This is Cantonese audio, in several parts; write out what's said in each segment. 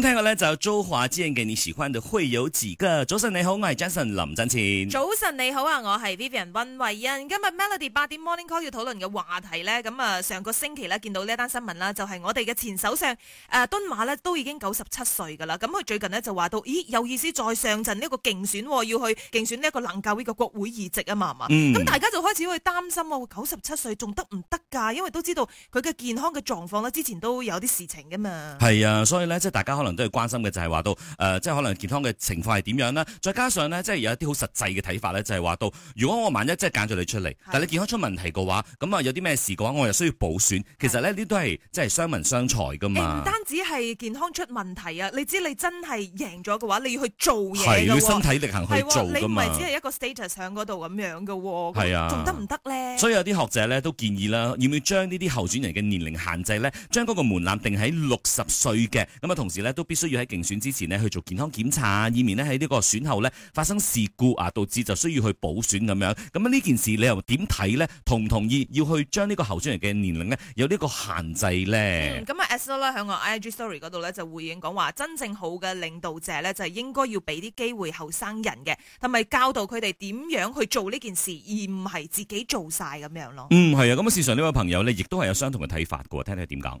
聽過咧就係周華健嘅《你喜歡的會有幾個》。早晨你好，我係 Jason 林振前。早晨你好啊，我係 Vivian 溫慧欣。今日 Melody 八點 Morning Call 要討論嘅話題咧，咁啊上個星期咧見到呢一單新聞啦，就係、是、我哋嘅前首相誒敦馬咧都已經九十七歲噶啦。咁佢最近呢，就話到，咦有意思再上陣呢一個競選，要去競選呢一個南教區嘅國會議席啊嘛嘛。咁、嗯、大家就開始去擔心啊，九十七歲仲得唔得噶？因為都知道佢嘅健康嘅狀況呢，之前都有啲事情噶嘛。係啊，所以咧即係大家可能。都係關心嘅，就係話到誒，即係可能健康嘅情況係點樣啦？再加上咧，即係有一啲好實際嘅睇法咧，就係話到，如果我萬一即係揀咗你出嚟，是的但係你健康出問題嘅話，咁啊有啲咩事嘅話，我又需要補選，其實呢，呢的都係即係傷民傷財噶嘛。唔、欸、單止係健康出問題啊！你知你真係贏咗嘅話，你要去做嘢嘅要身體力行去做㗎嘛、啊。你唔係只係一個 status 上嗰度咁樣嘅喎，啊，仲得唔得咧？行行呢，所以有啲學者咧都建議啦，要唔要將呢啲候選人嘅年齡限制咧，將嗰個門檻定喺六十歲嘅咁啊，同時咧。都必須要喺競選之前咧去做健康檢查，以免咧喺呢個選後咧發生事故啊，導致就需要去補選咁樣。咁啊呢件事你又點睇呢？同唔同意要去將呢個候選人嘅年齡咧有呢個限制呢？咁啊，Solo 喺個 I G Story 嗰度咧就回應講話，真正好嘅領導者呢，就係應該要俾啲機會後生人嘅，同埋教導佢哋點樣去做呢件事，而唔係自己做晒咁樣咯。嗯，係啊。咁啊，市上呢位朋友呢，亦都係有相同嘅睇法嘅，聽聽點講。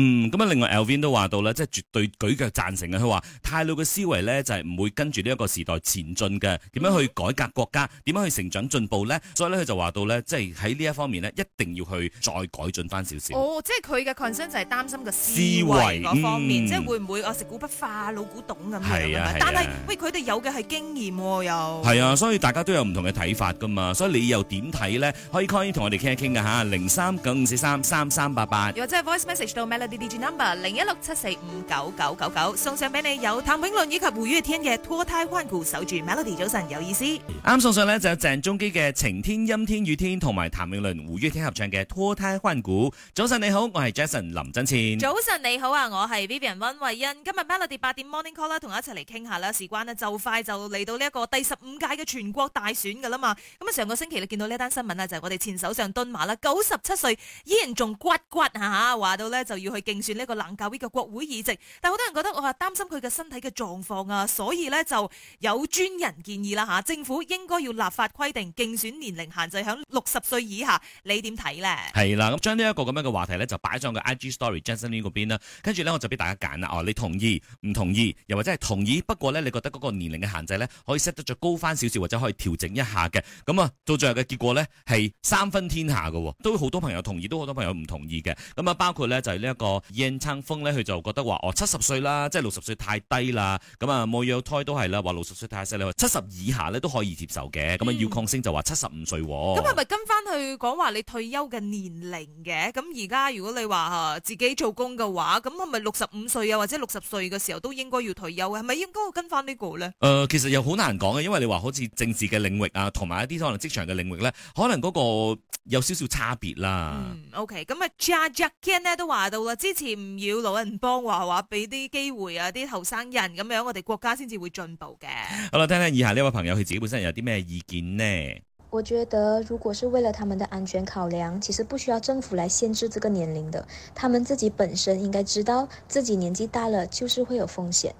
嗯，咁啊，另外 Alvin 都話到咧，即係絕對舉腳贊成嘅。佢話太老嘅思維咧，就係唔會跟住呢一個時代前進嘅。點樣去改革國家？點樣去成長進步咧？所以咧，佢就話到咧，即係喺呢一方面咧，一定要去再改進翻少少。哦，即係佢嘅 concern 就係擔心個思維嗰方面，即係會唔會啊食古不化、老古董咁樣？係啊係啊。但係喂，佢哋有嘅係經驗喎，又係啊，所以大家都有唔同嘅睇法噶嘛。所以你又點睇咧？可以快啲同我哋傾一傾㗎吓，零三九五四三三三八八，或者 voice message 到 Melody。B B G number 零一六七四五九九九九送上俾你，有譚詠麟以及胡月天嘅《脫胎換骨》，守住 Melody 早晨有意思。啱送上呢就有鄭中基嘅《晴天陰天雨天》，同埋譚詠麟胡月天合唱嘅《脫胎換骨》。早晨你好，我係 Jason 林真倩。早晨你好啊，我係 Vivian 溫慧欣。今日 Melody 八點 Morning Call 啦，同我一齊嚟傾下啦。事關呢，就快就嚟到呢一個第十五屆嘅全國大選噶啦嘛。咁啊上個星期你見到呢一單新聞啊，就係我哋前首相敦馬啦，九十七歲依然仲骨骨吓，話到呢就要。去競選呢個冷教會嘅國會議席，但好多人覺得我話擔心佢嘅身體嘅狀況啊，所以咧就有專人建議啦吓、啊，政府應該要立法規定競選年齡限制響六十歲以下，你點睇咧？係啦，咁將呢一個咁樣嘅話題咧就擺上去 I G Story Justin Lee 嗰邊啦，跟住咧我就俾大家揀啦，哦，你同意唔同意？又或者係同意，不過咧你覺得嗰個年齡嘅限制咧可以 set 得再高翻少少，或者可以調整一下嘅？咁、嗯、啊，到最後嘅結果咧係三分天下嘅、哦，都好多朋友同意，都好多朋友唔同意嘅。咁、嗯、啊，包括咧就係呢一，個燕春峰咧，佢就覺得話哦，七十歲啦，即係六十歲太低啦，咁啊冇要胎都係啦，話六十歲太細啦，你話七十以下咧都可以接受嘅，咁啊、嗯、要抗升就話七十五歲。咁係咪跟翻去講話你退休嘅年齡嘅？咁而家如果你話自己做工嘅話，咁係咪六十五歲啊，或者六十歲嘅時候都應該要退休啊？係咪應該跟翻呢個呢？誒、呃，其實又好難講嘅，因為你話好似政治嘅領域啊，同埋一啲可能職場嘅領域呢，可能嗰、那個。有少少差別啦。嗯，OK，咁啊 Jack Ken 呢都話到啦，之前唔要老人幫話話，俾啲機會啊，啲後生人咁樣，我哋國家先至會進步嘅。好啦，聽聽以下呢位朋友佢自己本身有啲咩意見呢？我覺得如果是為了他們的安全考量，其實不需要政府來限制這個年齡的，他們自己本身應該知道自己年紀大了就是會有風險。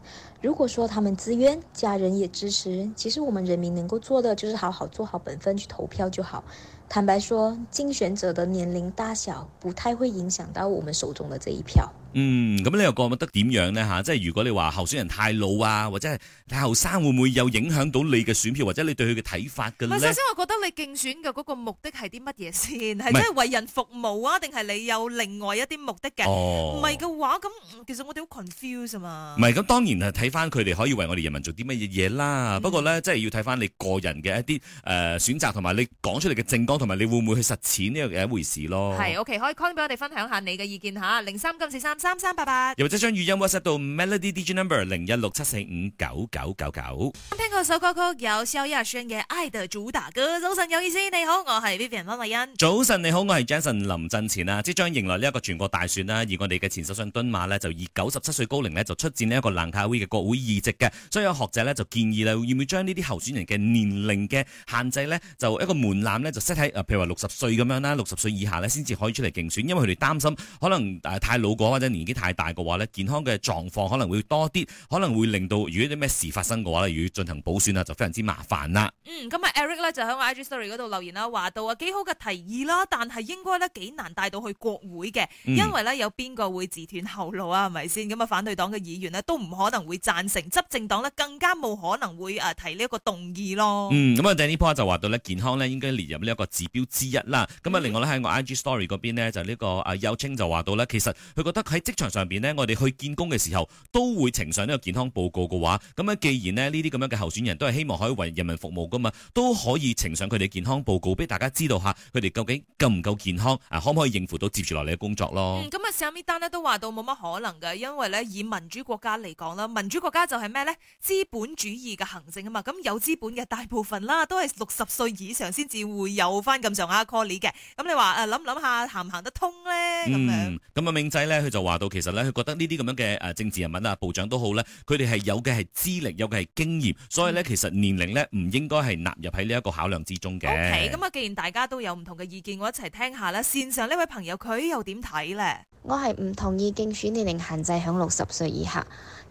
如果說他們自願，家人也支持，其實我們人民能夠做的就是好好做好本分去投票就好。坦白說，競選者的年齡大小不太會影響到我們手中的這一票。嗯，咁你又覺得點樣呢？吓，即係如果你話候選人太老啊，或者係太後生，會唔會有影響到你嘅選票，或者你對佢嘅睇法嘅呢？首先我覺得你競選嘅嗰個目的係啲乜嘢先？係真係為人服務啊，定係你有另外一啲目的嘅？唔係嘅話，咁其實我哋好 confuse 啊嘛。唔係，咁當然係睇翻佢哋可以為我哋人民做啲乜嘢嘢啦。嗯、不過咧，即係要睇翻你個人嘅一啲誒、呃、選擇，同埋你講出嚟嘅政綱。嗯同埋你會唔會去實踐呢樣嘢一回事咯？係 OK，可以 call 俾我哋分享下你嘅意見吓零三金士三三三八八，03, 43, 3, 3, 又或者將語音 WhatsApp 到 Melody Digital Number 零一六七四五九九九九。剛聽過首歌曲有蕭亞軒嘅《愛的主打歌》，早晨有意思，你好，我係 Vivian 方慧欣。早晨你好，我係 Jansen 林振前啊，即將迎來呢一個全國大選啦，而我哋嘅前首相敦馬呢，就以九十七歲高齡呢，就出戰呢一個蘭卡威嘅國會議席嘅，所以有學者呢，就建議呢，會唔會將呢啲候選人嘅年齡嘅限制呢，就一個門檻呢，就譬如話六十歲咁樣啦，六十歲以下咧，先至可以出嚟競選，因為佢哋擔心可能太老過或者年紀太大嘅話咧，健康嘅狀況可能會多啲，可能會令到如果啲咩事發生嘅話咧，要進行補選啊，就非常之麻煩啦。嗯，咁啊，Eric 就喺 IG Story 嗰度留言啦，話到啊，幾好嘅提議啦，但係應該呢幾難帶到去國會嘅，因為咧有邊個會自斷後路啊？係咪先？咁啊，反對黨嘅議員咧都唔可能會贊成，執政黨咧更加冇可能會啊提呢一個動議咯。嗯，咁啊，鄭呢波就話到健康咧應該列入呢、這、一個。指標之一啦，咁啊，另外咧喺我 IG Story 嗰邊咧，就呢個啊，阿邱青就話到咧，其實佢覺得喺職場上邊咧，我哋去見工嘅時候都會呈上呢個健康報告嘅話，咁啊，既然咧呢啲咁樣嘅候選人都係希望可以為人民服務噶嘛，都可以呈上佢哋健康報告俾大家知道嚇，佢哋究竟夠唔夠健康啊，可唔可以應付到接住落嚟嘅工作咯？咁啊，嗯，史阿米丹咧都話到冇乜可能嘅，因為咧以民主國家嚟講啦，民主國家就係咩咧資本主義嘅行政啊嘛，咁有資本嘅大部分啦，都係六十歲以上先至會有。翻咁上下 call 你嘅，咁你話誒，諗諗下行唔行得通呢？咁樣、嗯。咁啊，明仔呢，佢就話到，其實呢，佢覺得呢啲咁樣嘅誒政治人物啊，部長都好呢，佢哋係有嘅係資歷，有嘅係經驗，所以呢，嗯、其實年齡呢唔應該係納入喺呢一個考量之中嘅。OK，咁啊，既然大家都有唔同嘅意見，我一齊聽一下啦。線上呢位朋友佢又點睇呢？我係唔同意競選年齡限制喺六十歲以下，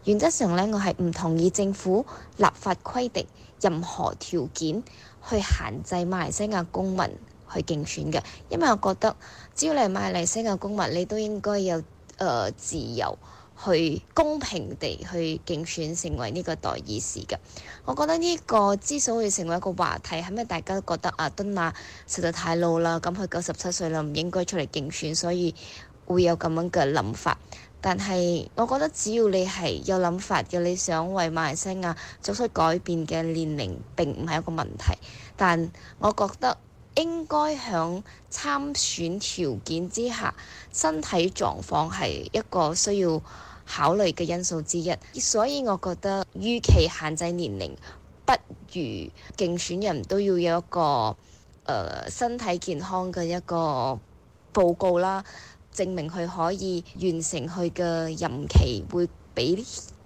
原則上呢，我係唔同意政府立法規定任何條件去限制馬來西亞公民去競選嘅，因為我覺得只要你係馬來西亞公民，你都應該有誒、呃、自由去公平地去競選成為呢個代議士嘅。我覺得呢個之所以成為一個話題，係咪大家都覺得阿、啊、敦馬實在太老啦，咁佢九十七歲啦，唔應該出嚟競選，所以會有咁樣嘅諗法。但係，我覺得只要你係有諗法、你想為馬來西亞作出改變嘅，年齡並唔係一個問題。但，我覺得應該響參選條件之下，身體狀況係一個需要考慮嘅因素之一。所以，我覺得與其限制年齡，不如競選人都要有一個，誒、呃，身體健康嘅一個報告啦。證明佢可以完成佢嘅任期，會比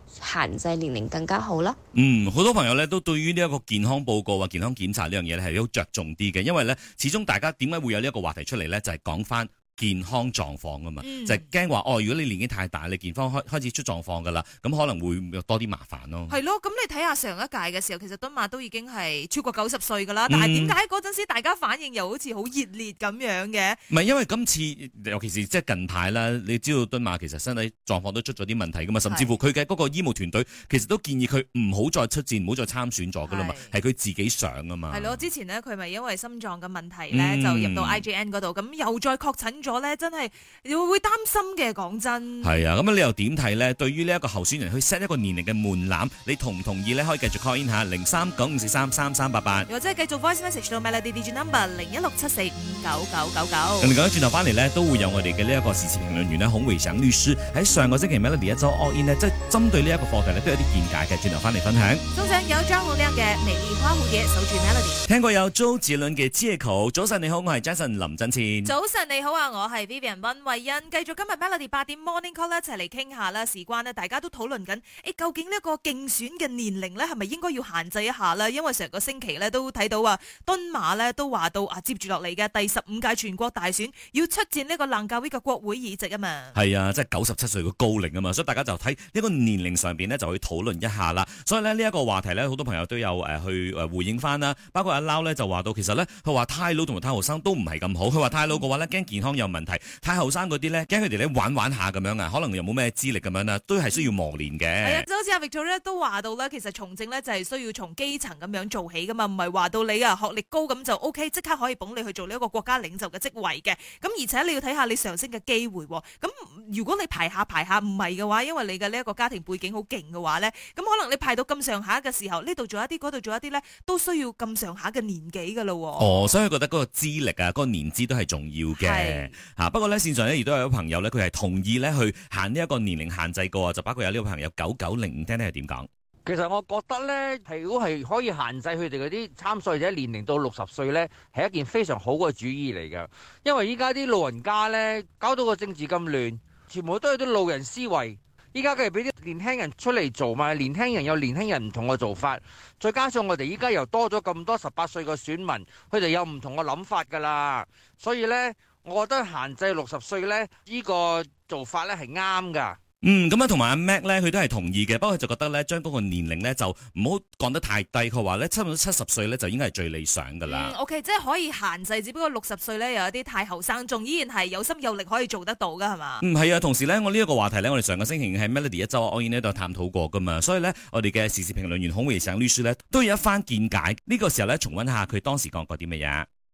限制年齡更加好啦。嗯，好多朋友咧都對於呢一個健康報告或健康檢查呢樣嘢咧係比較着重啲嘅，因為咧，始終大家點解會有呢一個話題出嚟咧，就係講翻。健康狀況啊嘛，嗯、就係驚話哦，如果你年紀太大，你健康開開始出狀況噶啦，咁可能會有多啲麻煩咯。係咯，咁你睇下上一屆嘅時候，其實敦馬都已經係超過九十歲噶啦，但係點解嗰陣時大家反應又好似好熱烈咁樣嘅？唔係、嗯、因為今次，尤其是即係近排啦，你知道敦馬其實身體狀況都出咗啲問題噶嘛，甚至乎佢嘅嗰個醫務團隊其實都建議佢唔好再出戰，唔好再參選咗噶啦嘛，係佢是自己想啊嘛。係咯，之前呢，佢咪因為心臟嘅問題咧就入到 IGN 嗰度，咁、嗯、又再確診。咗咧，真係會會擔心嘅。講真係啊，咁你又點睇呢？對於呢一個候選人去 set 一個年齡嘅門檻，你同唔同意呢？可以繼續 call in 吓，零三九五四三三三八八，或者係繼續 voice message 到 Melody Digit Number 零一六七四五九九九九。咁啊，轉頭翻嚟呢，都會有我哋嘅呢一個時事評論員咧，孔維想律師喺上個星期 Melody 一周 all in 咧，即係針對呢一個課題咧都有啲見解嘅。轉頭翻嚟分享。欣賞有張好靚嘅玫瑰花，好嘢守住 Melody。聽過有周子倫嘅 Jaco。早晨你好，我係 Jason 林振前。早晨你好啊！我係 Vivian 溫慧欣，繼續今日 Melody 八點 Morning Call 一齊嚟傾下啦。事關呢大家都討論緊，誒，究竟呢個競選嘅年齡呢係咪應該要限制一下啦？因為成個星期呢都睇到啊，敦馬呢都話到啊，接住落嚟嘅第十五屆全國大選要出戰呢個冷教啡嘅國會議席啊嘛。係啊，即係九十七歲嘅高齡啊嘛，所以大家就睇呢個年齡上邊呢，就可以討論一下啦。所以呢，呢一個話題呢好多朋友都有誒去回應翻啦。包括阿撈呢就話到，其實呢，佢話太老同埋太後生都唔係咁好。佢話太老嘅話呢，驚健康。有問題，太後生嗰啲咧，驚佢哋咧玩玩下咁樣啊，可能又冇咩資歷咁樣啊，都係需要磨練嘅。係啊，就好似阿 Victoria 都話到咧，其實從政咧就係需要從基層咁樣做起噶嘛，唔係話到你啊學歷高咁就 O K，即刻可以捧你去做呢一個國家領袖嘅職位嘅。咁而且你要睇下你上升嘅機會。咁如果你排下排下唔係嘅話，因為你嘅呢一個家庭背景好勁嘅話咧，咁可能你排到咁上下嘅時候，呢度做一啲，嗰度做一啲咧，都需要咁上下嘅年紀噶啦。哦，所以佢覺得嗰個資歷啊，嗰個年資都係重要嘅。吓、啊，不過咧線上咧亦都有朋友咧，佢係同意咧去限呢一個年齡限制個，就包括有呢個朋友九九零，90, 聽聽係點講？其實我覺得咧，如果係可以限制佢哋嗰啲參賽者年齡到六十歲咧，係一件非常好嘅主意嚟噶。因為依家啲老人家咧，搞到個政治咁亂，全部都係啲老人思維。依家梗係俾啲年輕人出嚟做嘛，年輕人有年輕人唔同嘅做法。再加上我哋依家又多咗咁多十八歲嘅選民，佢哋有唔同嘅諗法噶啦，所以咧。我覺得限制六十歲咧，呢個做法咧係啱噶。嗯，咁樣同埋阿 Mac 咧，佢都係同意嘅。不過佢就覺得咧，將嗰個年齡咧就唔好降得太低。佢話咧，差唔多七十歲咧就應該係最理想噶啦。嗯，OK，即係可以限制只，只不過六十歲咧有一啲太後生，仲依然係有心有力可以做得到噶，係嘛？唔係啊！同時咧，我呢一個話題咧，我哋上個星期喺 Melody 一周、啊、Angie 呢度探討過噶嘛。所以咧，我哋嘅時事評論員孔維成律師咧，都有一番見解。呢個時候咧，重溫下佢當時講過啲乜嘢。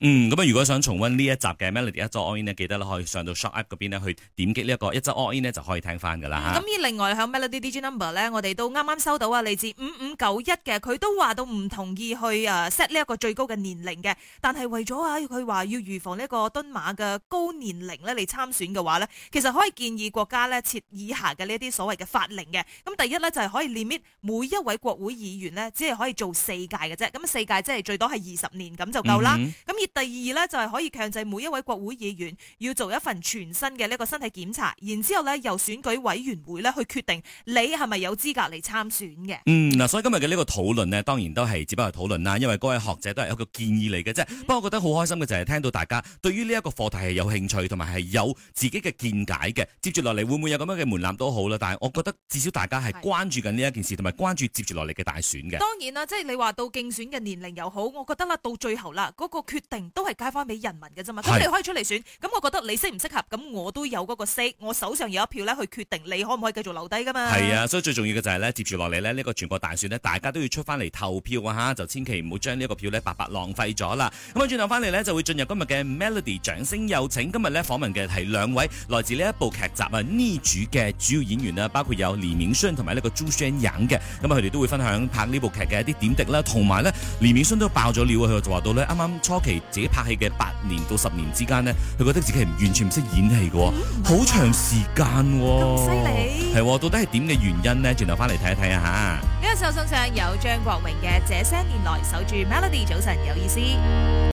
嗯，咁啊，如果想重温呢一集嘅 Melody 一州 in 記得可以上到 s h o p a up 嗰邊呢去點擊呢一個一州 in 就可以聽翻噶啦咁而另外喺 Melody D Number 咧，我哋都啱啱收到啊，嚟自五五九一嘅，佢都話到唔同意去 set 呢一個最高嘅年齡嘅，但係為咗啊佢話要預防呢個敦馬嘅高年齡呢嚟參選嘅話呢其實可以建議國家呢設以下嘅呢一啲所謂嘅法令嘅。咁、嗯嗯、第一呢，就係、是、可以 limit 每一位國會議員呢，只係可以做四屆嘅啫，咁四屆即係最多係二十年咁就夠啦。咁、嗯第二呢，就係可以強制每一位國會議員要做一份全新嘅呢個身體檢查，然之後呢由選舉委員會呢去決定你係咪有資格嚟參選嘅。嗯，嗱，所以今日嘅呢個討論呢，當然都係只不過係討論啦，因為各位學者都係一個建議嚟嘅啫。不過、嗯、我覺得好開心嘅就係聽到大家對於呢一個課題係有興趣，同埋係有自己嘅見解嘅。接住落嚟會唔會有咁樣嘅門檻都好啦，但係我覺得至少大家係關注緊呢一件事，同埋是關注接住落嚟嘅大選嘅。當然啦，即係你話到競選嘅年齡又好，我覺得啦到最後啦嗰個決定。都係交翻俾人民嘅啫嘛，咁是你可以出嚟選，咁我覺得你適唔適合，咁我都有嗰個 say，我手上有一票呢，去決定你可唔可以繼續留低噶嘛。係啊，所以最重要嘅就係呢，接住落嚟呢，呢、呢個全國大選呢，大家都要出翻嚟投票啊吓，就千祈唔好將呢一個票呢白白浪費咗啦。咁啊，轉頭翻嚟呢，就會進入今日嘅 Melody 掌聲有請，今日呢訪問嘅係兩位來自呢一部劇集啊呢主嘅主要演員啦，包括有連綿霜同埋呢個朱宣忍嘅，咁佢哋都會分享拍呢部劇嘅一啲點滴啦，同埋呢連綿霜都爆咗料啊，佢就話到咧啱啱初期。自己拍戲嘅八年到十年之間咧，佢覺得自己係完全唔識演戲嘅，好、啊、長時間喎、啊，咁犀利係喎、啊，到底係點嘅原因呢？轉頭翻嚟睇一睇啊嚇！呢個手信上有張國榮嘅這些年來守住 Melody，早晨有意思。